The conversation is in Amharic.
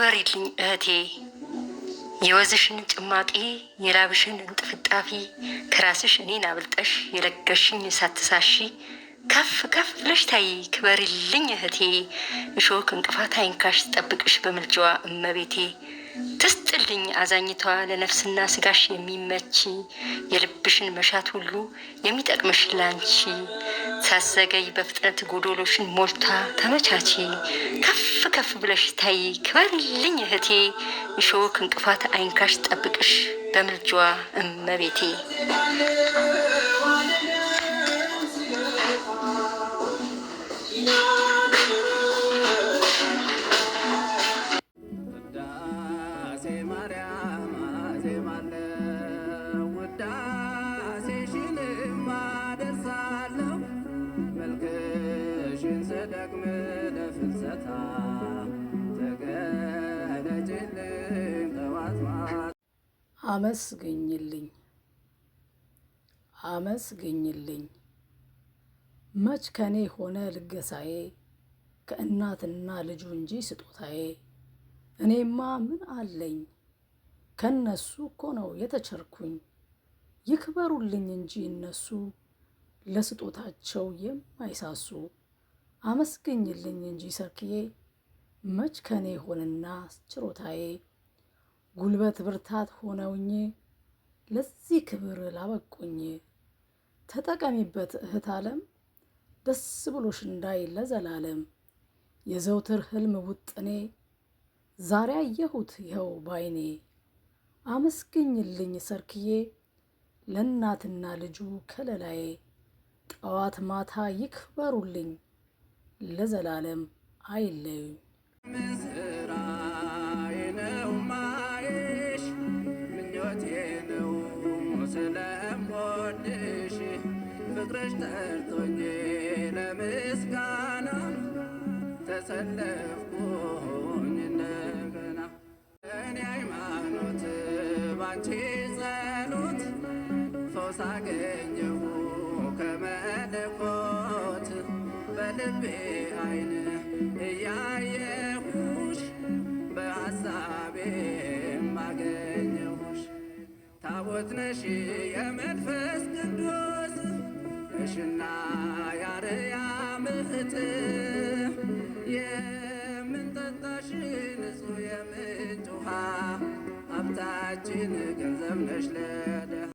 ክበሪልኝ እህቴ የወዝሽን ጭማቂ የላብሽን እንጥፍጣፊ ከራስሽ እኔን አብልጠሽ የለገሽኝ ሳትሳሺ ከፍ ከፍ ብለሽ ታይ ክበሪልኝ እህቴ እሾክ እንቅፋት አይንካሽ ጠብቅሽ በምልጃዋ እመቤቴ ትስጥልኝ አዛኝቷ ለነፍስና ስጋሽ የሚመች የልብሽን መሻት ሁሉ የሚጠቅምሽ ላንቺ ሳዘገይ በፍጥነት ጎዶሎሽን ሞልታ ተመቻች ከፍ ከፍ ብለሽ ታይ ክበርልኝ እህቴ እሾክ እንቅፋት አይንካሽ ጠብቅሽ በምልጇ እመቤቴ ደግም ለፍልሰታ ተገለጭልኝ ጠዋት አመስግኝልኝ አመስግኝልኝ መች ከኔ ሆነ ልገሳዬ ከእናትና ልጁ እንጂ ስጦታዬ እኔማ ምን አለኝ ከነሱ እኮ ነው የተቸርኩኝ ይክበሩልኝ እንጂ እነሱ ለስጦታቸው የማይሳሱ አመስገኝልኝ እንጂ ሰርክዬ መች ከኔ ሆነና ችሮታዬ ጉልበት ብርታት ሆነውኝ ለዚህ ክብር ላበቁኝ። ተጠቀሚበት እህት ዓለም ደስ ብሎሽ እንዳይ ለዘላለም የዘውትር ህልም ውጥኔ ዛሬ አየሁት ይኸው ባይኔ። አመስግኝልኝ ሰርክዬ ለእናትና ልጁ ከለላዬ ጠዋት ማታ ይክበሩልኝ ለዘላለም ነው አይለዩኝ። ስለምወድሽ ፍቅረሽ ጠርቶኝ ለምስጋና ተሰለፍኩኝ እንደገና እኔ ሃይማኖት ባንቺ ጸሎት ፈውስ አገኘሁ ከመለኮ በልቤ አይን እያየሁሽ በሐሳቤ ማገኘሁሽ ታቦት ነሽ የመንፈስ ቅዱስ እሽና ያርያም እህት የምንጠጣሽ ንጹሕ የምንጭ ውሃ ሀብታችን ገንዘብ ነሽ ለደ